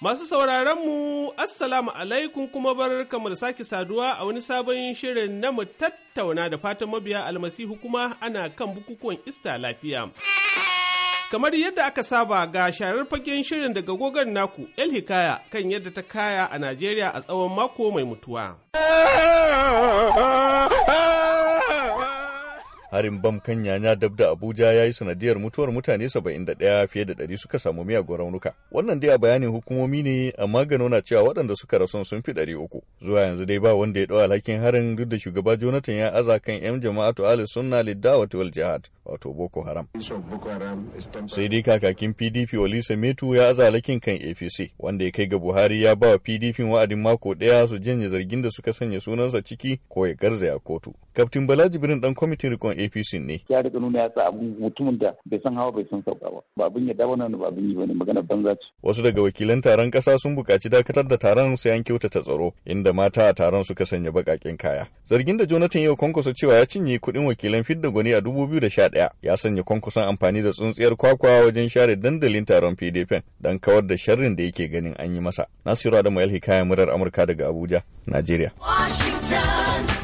Masu sauraron mu Assalamu alaikum kuma bar kamar sake saduwa a wani sabon shirin na mu tattauna da fatan mabiya almasihu kuma ana kan bukukuwan ista lafiya. Kamar yadda aka saba ga sharar fagen shirin daga gogon naku El Hikaya kan yadda ta kaya a Najeriya a tsawon mako mai mutuwa. harin bam kan yanya dab da abuja ya yi sanadiyar mutuwar mutane 71 fiye da 100 suka samu miyagun raunuka wannan dai a bayanin hukumomi ne amma ga na cewa waɗanda suka rasu sun fi 300 zuwa yanzu dai ba wanda ya ɗau alhakin harin duk da shugaba jonathan ya aza kan yan jama'a jama'atu ali sunna liddawati wal jihad wato boko haram sai dai kakakin pdp olisa metu ya aza alhakin kan apc wanda ya kai ga buhari ya ba wa pdp wa'adin mako ɗaya su janye zargin da suka sanya sunansa ciki ko ya garzaya kotu kaftin balaji birin dan kwamitin rikon APC ne. Ya daga nuna ya sa abun mutumin da bai san hawa bai san sauka ba. Ba abin na wannan ba abin yi bane magana banza ce. Wasu daga wakilan taron kasa sun buƙaci dakatar da taron sai an ta tsaro inda mata a taron suka sanya baƙaƙen kaya. Zargin da Jonathan yau kwankwaso cewa ya cinye kuɗin wakilan fidda gwani a 2011 ya sanya kwankwason amfani da tsuntsiyar kwakwa wajen share dandalin taron PDP don kawar da sharrin da yake ganin an yi masa. Nasiru Adamu Yalhi kayan murar Amurka daga Abuja, Najeriya. Washington.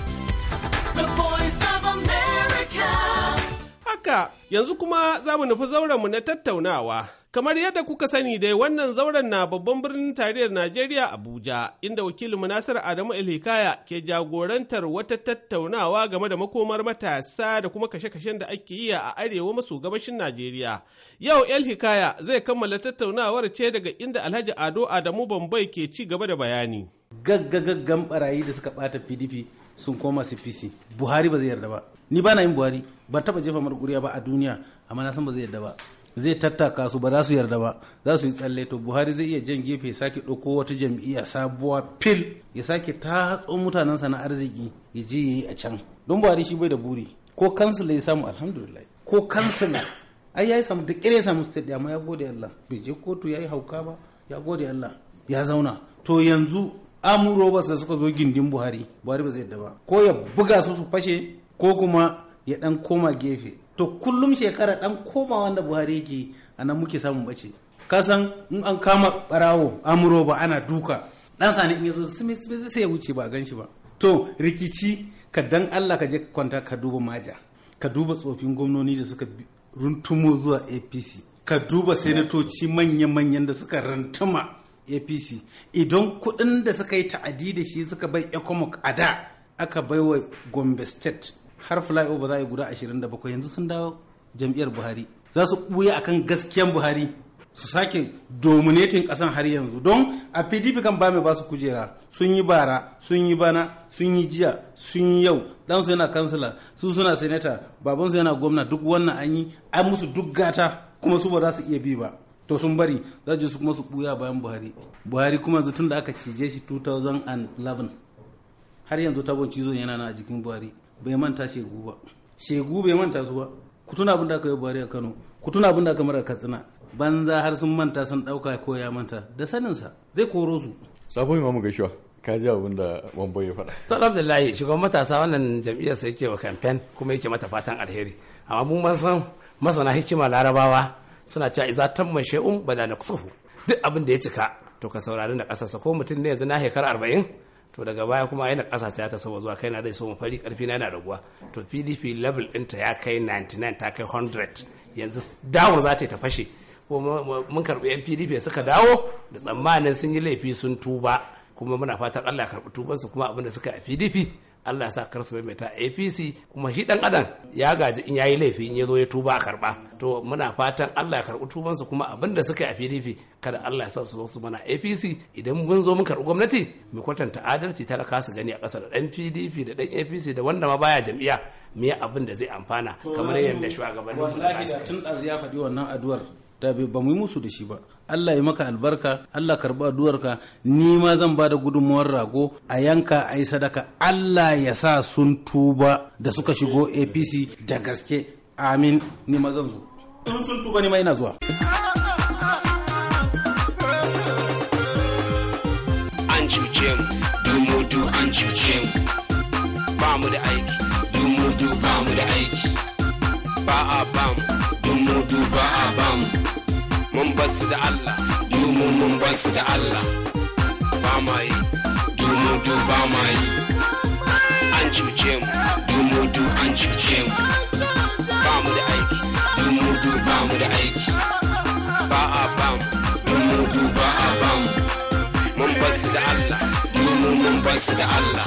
haka yanzu kuma za mu nufi zaurenmu na tattaunawa. Kamar yadda kuka sani dai wannan zauren na babban birnin tarayyar Najeriya Abuja inda wakilin Nasiru Adamu Ilhikaya ke jagorantar wata tattaunawa game da makomar matasa da kuma kashe-kashen da ake yi a arewa maso gabashin Najeriya. Yau Ilhikaya zai kammala tattaunawar ce daga inda Alhaji Ado Adamu Bambai ke ci gaba da bayani. Gaggagaggan barayi da suka ɓata PDP sun koma cpc buhari ba zai yarda ba ni ba na yin buhari ba taba jefa marguriya ba a duniya amma na san ba zai yarda ba zai tattaka su ba za su yarda ba za su yi tsalle to buhari zai iya jan gefe ya sake ɗauko wata jam'iyya sabuwa fil ya sake tatso mutanensa na arziki ya je yi a can don buhari shi bai da buri ko kansila ya samu alhamdulillah ko kansila ai ya samu da kire samu state amma ya gode Allah bai je kotu ya yi hauka ba ya gode Allah ya zauna to yanzu amurobas da suka zo gindin buhari buhari ba zai yadda ba ko ya buga su su fashe ko kuma ya dan koma gefe to kullum shekara dan koma wanda buhari yake a nan muke samun bace kasan in an kama barawo amuroba ana duka dan sani in yazo sai ya wuce ba gan shi ba to rikici ka dan Allah ka je ka kwanta ka duba maja ka duba tsofin gwamnoni da suka runtumo zuwa apc ka duba senatoci manya-manyan da suka rantuma apc idan kuɗin da suka yi ta'adi da shi suka bai ecomoc a da aka bai wa gombe state har flyover za a yi guda 27 yanzu sun dawo jam'iyyar buhari za su ɓuya kan gaskiyan buhari su sake dominatin kasan har yanzu don a pdp kan ba mai ba su kujera sun yi bara sun yi bana sun yi jiya sun yi yau dan su yana kansila su suna senata babansu yana gwamna duk wannan an yi an musu duk gata kuma su ba za su iya bi ba to sun bari za su kuma su buya bayan buhari buhari kuma yanzu tun da aka cije shi 2011 har yanzu tabon cizon yana na a jikin buhari bai manta shegu ba shegu bai manta su ba ku tuna abin da aka yi buhari a kano ku tuna abin da aka mara katsina banza har sun manta sun dauka ko ya manta da saninsa zai koro su sabon imamu gaishewa ka ji abin da wambo ya faɗa. to alhamdulilayi shugaban matasa wannan jam'iyyar sa yake wa kamfen kuma yake mata fatan alheri amma mun san masana hikima larabawa suna cewa tan tamma shay'un bala naqsuhu duk abin da ya cika to ka saurari na kasarsa ko mutum ne yanzu na shekara arba'in to daga baya kuma yana kasa ta ta soma zuwa kai na zai soma fari karfi na yana raguwa to pdp level ɗinta ya kai 99 ta kai 100 yanzu dawo za ta ta fashe ko mun karɓi yan pdp suka dawo da tsammanin sun yi laifi sun tuba kuma muna fatan allah karɓi tubansu kuma abin da suka a pdp Allah ya sa bai mai ta APC kuma shi dan adam ya gaji in yayi laifi in yazo ya tuba a karba to muna fatan Allah ya karbi tuban su kuma abinda suka yi a PDP kada Allah ya sa su zo su mana APC idan mun zo mun karbi gwamnati mu kwatanta adalci talaka su gani a kasar da dan PDP da dan APC da wanda ma baya jam'iyya me abin da zai amfana kamar yadda shugabannin wallahi da tun ya faɗi wannan addu'ar da ba mu yi musu da shi ba Allah ya maka albarka Allah karba duwarka ni ma zan ba da gudunmuwar rago a yanka a yi sadaka Allah ya sa sun tuba da suka shigo APC da gaske amin ni ma zan zo in sun tuba ni ma ina zuwa an cuce mu du an cuce mu ba mu da aiki du ba mu da aiki ba a ba mu du ba a ba mu mun basu da Allah dumu mun basu da Allah ba ma yi dumu du ba ma yi an cuce mu dumu du an cuce mu ba mu da aiki dumu du ba mu da aiki ba a ba mu dumu du ba a ba mu mun basu da Allah dumu mun basu da Allah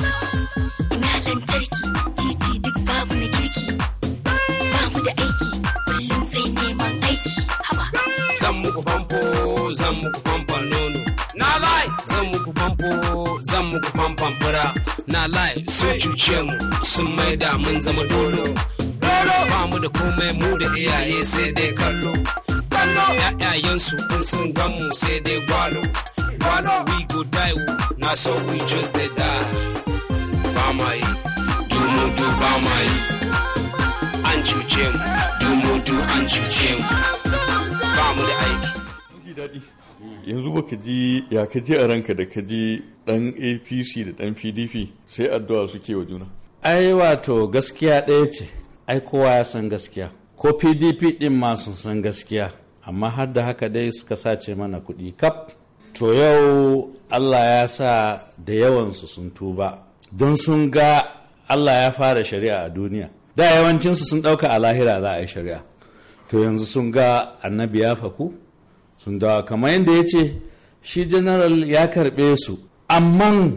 muku famfan fura na lai sun cuce mu sun maida mun zama dolo ba mu da komai mu da iyaye sai dai kallo kallo ƴaƴayensu in sun gan mu sai dai gwalo gwalo we go die na so we just dey die ba ma yi mu du ba ma yi an cuce mu dumu du an cuce mu ba mu da aiki yanzu baka ji ya ka a ranka da ka ji dan apc da dan pdp sai addu'a suke wa juna ai wato gaskiya ɗaya ce ai kowa ya san gaskiya ko pdp ɗin ma sun san gaskiya amma har da haka dai suka sace mana kuɗi kaf to yau allah ya sa da yawansu sun tuba don sun ga allah ya fara shari'a a duniya da yawancinsu sun ɗauka a lahira za a yi shari'a to yanzu sun ga annabi ya faku sun dawa kamar yadda ya ce shi general ya karɓe su amma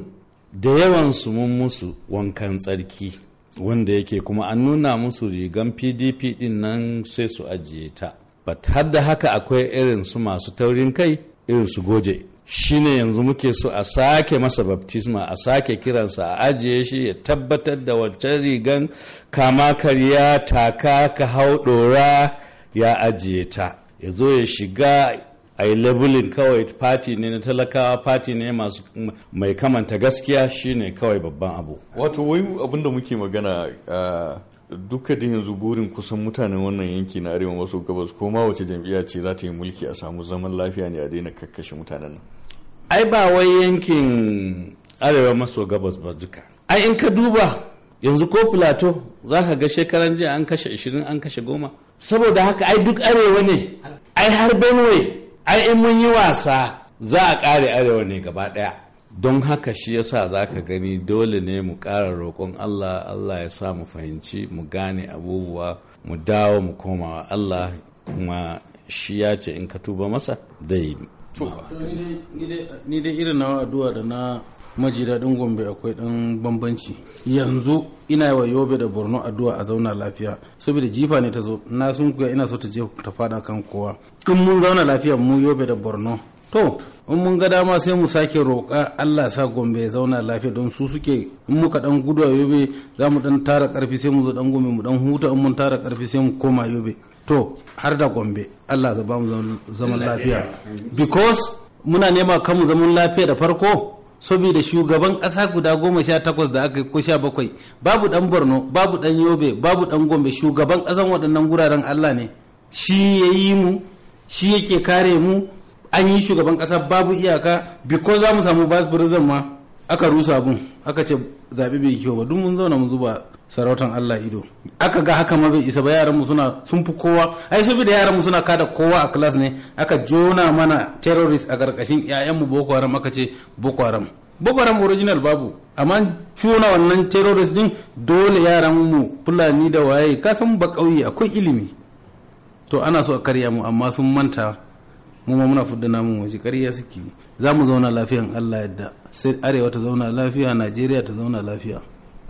da yawan mun musu wankan tsarki wanda yake kuma an nuna musu rigan pdp din nan sai su ajiye ta Bat har da haka akwai irin su masu taurin kai irin su goje shine yanzu muke so a sake masa baptisma a sake kiransa a ajiye shi ya tabbatar da wancan rigan kama karya taka ka hau dora ya ajiye ta ya zo ya shiga a yi labulin kawai fati ne na talakawa fati ne masu mai kamanta gaskiya shine kawai babban abu wato wai abin da muke magana ah, duka da yanzu burin kusan mutanen wannan yanki na arewa maso gabas ko ma wace jam'iyya ce za ta yi mulki a samu zaman lafiya ne a daina kakkashe mutanen nan ai ba wai yankin arewa maso gabas ba duka ai in ka duba yanzu ko filato za ka ga shekaran jiya an kashe 20 an kashe goma saboda haka ai duk arewa ne ai har benue ai in mun yi wasa za a ƙare arewa ne gaba ɗaya don haka shi yasa za ka gani dole ne mu ƙara roƙon allah allah ya sa mu fahimci mu gane abubuwa mu dawo mu komawa allah kuma shi ya ce in ka tuba masa dai ni dai irin na addu'a da na maji daɗin gombe akwai ɗan bambanci yanzu ina wa yobe da borno addu'a a zauna lafiya saboda jifa ne ta zo na sun kuya ina so ta je ta fada kan kowa in mun zauna lafiya mu yobe da borno to in mun ga dama sai mu sake roƙa Allah sa Gombe ya zauna lafiya don su suke in muka dan gudu a Yobe za mu dan tara karfi sai mu zo dan Gombe mu dan huta in mun tara karfi sai mu koma Yobe to har da Gombe Allah ya ba mu zaman lafiya because muna nema kanmu zaman lafiya da farko saboda shugaban ƙasa guda goma sha takwas da aka ko sha bakwai babu ɗan borno babu ɗan yobe babu ɗan gombe shugaban ƙasan waɗannan guraren allah ne shi ya yi mu shi yake kare mu an yi shugaban ƙasa babu iyaka biko za mu samu vice ma aka rusa bun aka ce zaɓe bai kyau ba duk mun zauna mun zuba sarautan Allah ido aka ga haka ma bai isa ba yaran mu suna sun fi kowa ai da yaran mu suna kada kowa a class ne aka jona mana terrorist a karkashin yayan mu boko haram aka ce boko haram boko haram original babu amma cuna wannan terrorist din dole yaran mu fulani da waye ka san ba kauye akwai ilimi to ana so a karya mu amma sun manta mu ma muna fudda namun waje karya suke za mu zauna lafiyan Allah yadda sai arewa ta zauna lafiya Najeriya ta zauna lafiya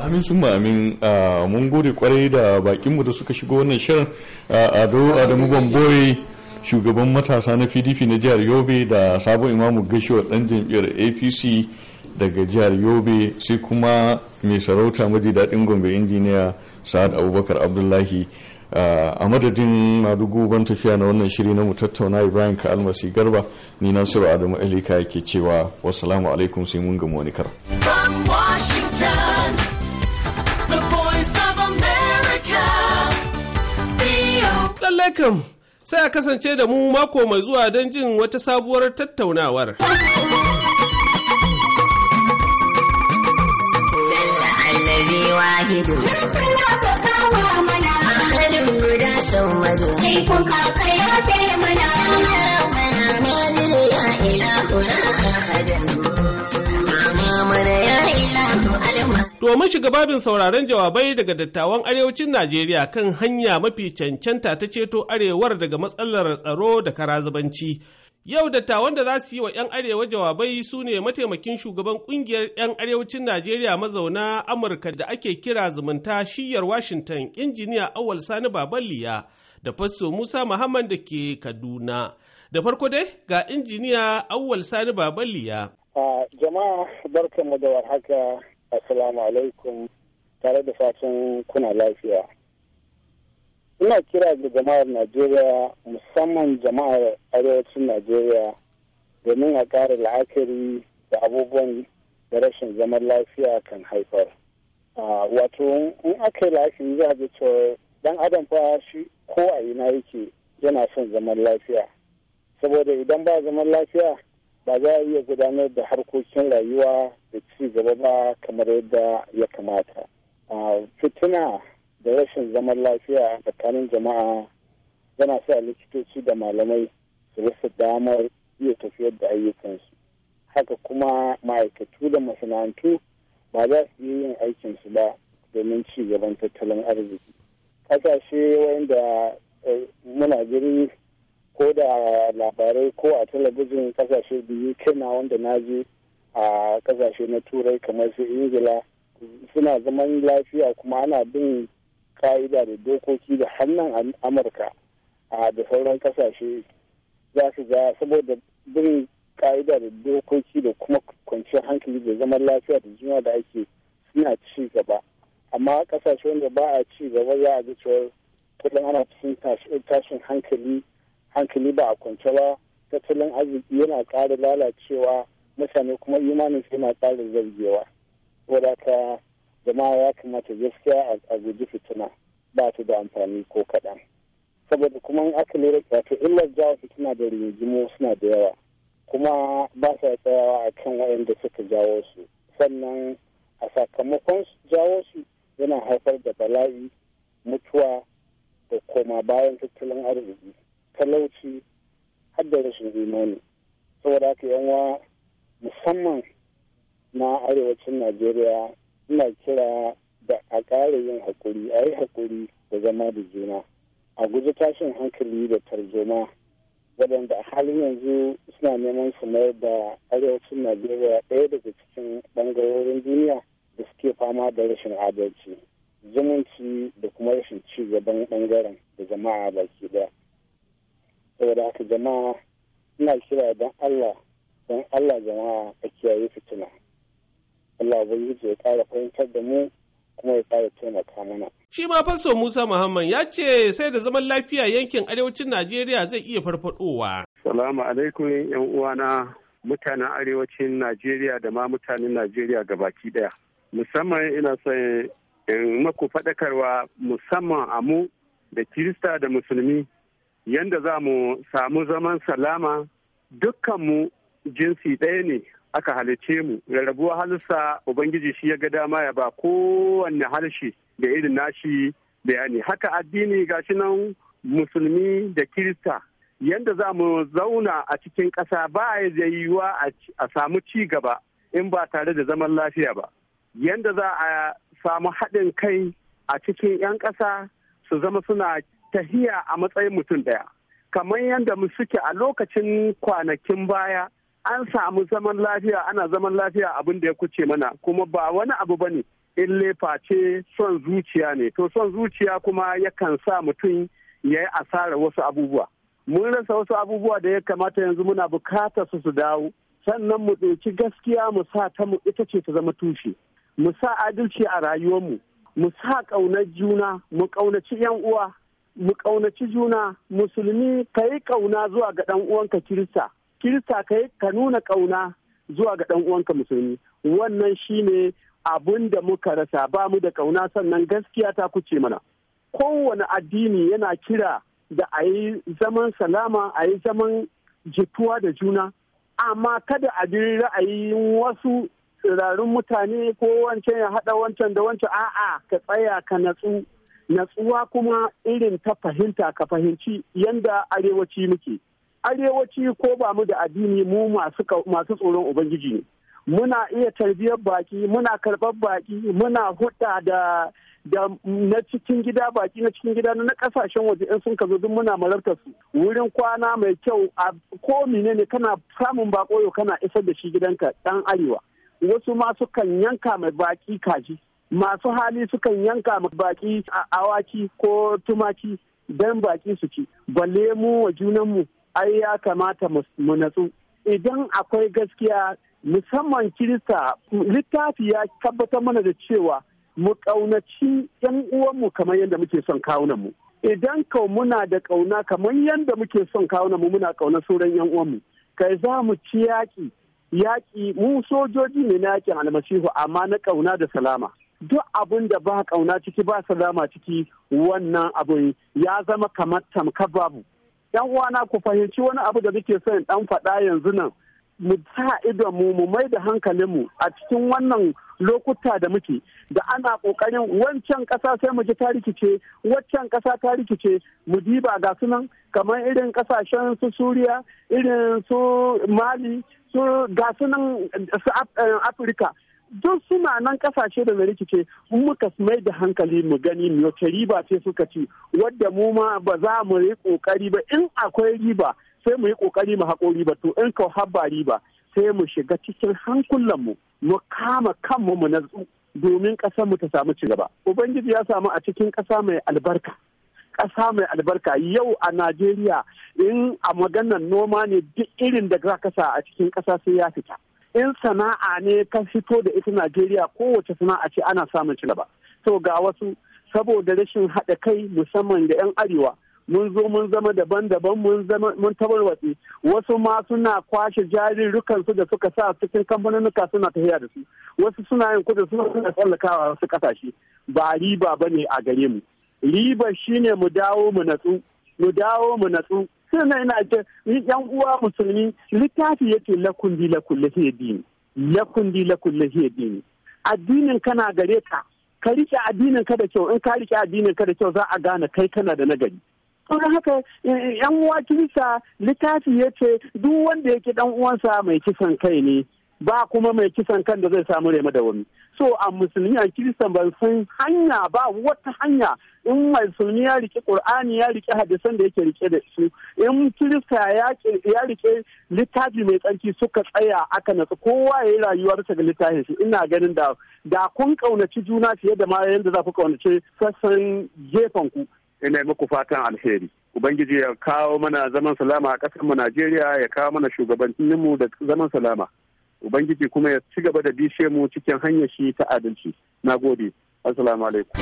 amin sun amin ah, mun gode kwarai da bakinmu da suka shigo wannan shirin ah, ado adamu bamboi shugaban matasa na pdp na jihar yobe da sabon imamu gashiwa dan jam'iyyar apc daga jihar yobe sai kuma mai sarauta maji daɗin gombe injiniya sa'ad abubakar abdullahi ah, a madadin madugu ban tafiya na wannan shiri na mu tattauna ibrahim ka almasi garba ni na nasiru adamu alika yake cewa wasu alaikum sai mun gamu wani kar. Washington. lallai kam sai a kasance da mu mako mai zuwa don jin wata sabuwar tattaunawar. Sai kun kaka ya mana. To mun shiga babin sauraron jawabai daga dattawan arewacin Najeriya kan hanya mafi cancanta ta ceto arewar daga matsalar tsaro da karazubanci. Yau dattawan da za su yi wa 'yan arewa jawabai su ne mataimakin shugaban kungiyar 'yan arewacin Najeriya mazauna Amurka da ake kira zumunta shiyar Washington, injiniya Awal Sani Baballiya da Faso Musa Muhammad da ke Kaduna. Da farko dai ga injiniya Awal Sani Baballiya. jama'a barkanmu da warhaka Assalamu alaikum tare da fatan kuna lafiya. Ina kira ga jama'ar Najeriya musamman jama'ar arewacin Najeriya domin a ƙara la'akari da abubuwan da rashin zaman lafiya kan haifar. Wato in aka yi la'akari za a cewa dan adam fa shi ko a ina yake yana son zaman lafiya. Saboda idan ba zaman lafiya ba za a iya gudanar da harkokin rayuwa da ci gaba ba kamar yadda ya kamata. Fitina da rashin zaman lafiya a tsakanin jama'a yana sa likitoci da malamai su rasa damar iya tafiyar da ayyukansu. Haka kuma ma'aikatu da masana'antu ba za su yi yin aikinsu ba domin ci gaban tattalin arziki. Ƙasashe wanda eh, muna gari ko da labarai ko a talabijin kasashe biyu kena wanda na je a kasashe na turai kamar su ingila suna zaman lafiya kuma ana bin ka'ida da dokoki da hannun amurka da sauran kasashe za su ga saboda bin ka'ida da dokoki da kuma kwanciyar hankali da zaman lafiya da juna da ake suna ci gaba amma kasashe wanda ba a ci gaba za a ga cewa kullum ana cikin tashin hankali hankali ba a kwance ba tattalin arziki yana ƙara lalacewa mutane kuma imanin yana ƙara zargewa wadata jama'a ya kamata gaskiya a guji fitina ba ta da amfani ko kaɗan saboda kuma aka lura wato illar jawo fitina da rigimo suna da yawa kuma ba sa tsayawa a kan waɗanda suka jawo su sannan a sakamakon jawo su yana haifar da bala'i mutuwa da koma bayan tattalin arziki talauci har da rashin imani saboda haka wa musamman na arewacin najeriya suna kira da a ƙara yin haƙuri a yi haƙuri da zama da juna a guji tashin hankali da tarzoma waɗanda a halin yanzu suna neman su mayar da arewacin najeriya ɗaya daga cikin ɓangarorin duniya da suke fama da rashin adalci zumunci da kuma rashin ci gaban ɓangaren da jama'a baki ɗaya saboda haka jama'a ina kira don Allah don Allah jama'a a kiyaye fitina Allah yi ya ƙara fahimtar da mu kuma ya ƙara taimaka mana shi ma faso Musa Muhammad ya ce sai da zaman lafiya yankin arewacin Najeriya zai iya farfadowa Salamu alaikum yan uwana mutanen arewacin Najeriya da ma mutanen Najeriya gabaki daya musamman ina son in maku faɗakarwa musamman a mu da Kirista da Musulmi yanda za mu samu zaman salama dukkanmu jinsi ɗaya ne aka halice mu rarrabuwa halsa ubangiji shi ya ga dama ya ba kowanne harshe da irin nashi bayani haka addini gashi nan musulmi da kirista yanda za mu zauna a cikin ƙasa ba ya yiwuwa a samu ci gaba in ba tare da zaman lafiya ba yanda za a samu haɗin kai a cikin 'yan ƙasa su zama suna tahiya a matsayin mutum ɗaya kamar yadda mu suke a lokacin kwanakin baya an samu zaman lafiya ana zaman lafiya abin da ya kuce mana kuma ba wani abu ba ne in lefa ce son zuciya ne to son zuciya kuma yakan sa mutum ya yi asarar wasu abubuwa mun rasa wasu abubuwa da ya kamata yanzu muna bukata su su dawo sannan mu ɗauki gaskiya mu sa ta mu ita ce ta zama tushe mu sa adalci a rayuwarmu mu sa ƙaunar juna mu ƙaunaci yan uwa mu ƙaunaci juna musulmi ka yi ƙauna zuwa ga ɗan uwanka kirista kirista ka yi ka nuna ƙauna zuwa ga ɗan uwanka musulmi wannan shine abun da muka rasa ba mu da ƙauna sannan gaskiya ta kuce mana kowane addini yana kira da a yi zaman salama a yi zaman jituwa da juna amma kada a bi ra'ayin wasu tsirarin mutane ko wancan ya haɗa wancan da wancan a'a ka tsaya ka natsu natsuwa kuma irin ta fahimta ka fahimci yanda arewaci muke arewaci ko ba mu da addini mu masu tsoron ubangiji ne muna iya tarbiyyar baki muna karɓar baki muna hudda da da na cikin gida baki na cikin gida na kasashen waje in sun kazo duk muna marabtar su wurin kwana mai kyau a ko ne kana samun bako kana isar da shi gidanka dan arewa wasu ma sukan yanka mai baki kaji masu hali sukan yanka baki a awaki ko tumaki don baki su ci balle mu wa junanmu ai ya kamata mu natsu idan akwai gaskiya musamman kirista littafi ya tabbatar mana da cewa mu ƙaunaci 'yan uwanmu kamar yadda muke son kawunanmu idan kau muna da ƙauna kamar yadda muke son kawunan mu muna ƙauna sauran 'yan uwanmu kai za mu ci yaƙi yaƙi mu sojoji ne na yaƙin almasihu amma na ƙauna da salama duk abin da ba kauna ciki ba salama ciki wannan abin ya zama kamar tamka babu yan uwana ku fahimci wani abu da muke son dan faɗa yanzu nan mu sa idon mu mu mai da hankalinmu a cikin wannan lokuta da muke da ana kokarin wancan kasa sai mu ji ta rikice waccan kasa ta rikice mu diba ga sunan kamar irin kasashen su suriya irin su mali su ga sunan eh, afirka don suna nan kasashe da rikice muka mai da hankali mu gani mu riba ce suka ci wadda mu ma ba za mu yi kokari ba in akwai riba sai mu yi kokari mu haƙo riba to in ka habba riba sai mu shiga cikin hankulan mu mu kama kanmu mu natsu domin ƙasar mu ta samu ci gaba ubangiji ya samu a cikin ƙasa mai albarka ƙasa mai albarka yau a najeriya in a maganar noma ne duk irin da za ka sa a cikin ƙasa sai ya fita in sana'a ne ta fito da ita najeriya kowace sana'a ce ana samun ci gaba to ga wasu saboda rashin haɗa kai musamman da 'yan arewa mun zo mun zama daban-daban mun zama mun tabarwatsi wasu ma suna kwashe jarirukan su da suka sa cikin kamfanonuka suna tafiya da su wasu suna yin kudin suna suna tsallakawa wasu kasashe ba riba ba ne a gare mu riba shine mu dawo mu natsu mu dawo mu natsu sannan ina ce yan uwa musulmi littafi yake di lakun hiya dini di lakun hiya dini addinin kana gare ka ka rike addinin ka da kyau in ka rike addinin ka da kyau za a gane kai kana da nagari don haka eh, yan uwa kirista littafi ya ce duk wanda yake dan uwansa mai kisan kai ne ba kuma mai kisan kan da zai samu rema da wani so a musulmi a kirista ba san hanya ba wata hanya in musulmi ya rike qur'ani ya rike hadisan da yake rike da su in kirista ya rike littafi mai tsarki suka tsaya aka nasu kowa ya yi rayuwar ta ga littafin shi ina ganin da da kun kaunaci juna fiye da ma yadda za ku kaunaci sassan gefen ku ina muku fatan alheri ubangiji ya kawo mana zaman salama a ƙasar mu Najeriya ya kawo mana shugabanninmu da zaman salama ubangiji kuma ya ci gaba da bishe mu cikin hanyar shi ta adalci na gode assalamu alaikum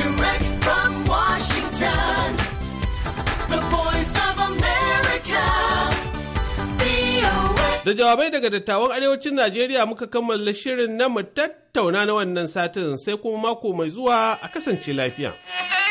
Da jawabai daga dattawan arewacin Najeriya muka kammala shirin na mu tattauna na wannan satin sai kuma mako mai zuwa a kasance lafiya.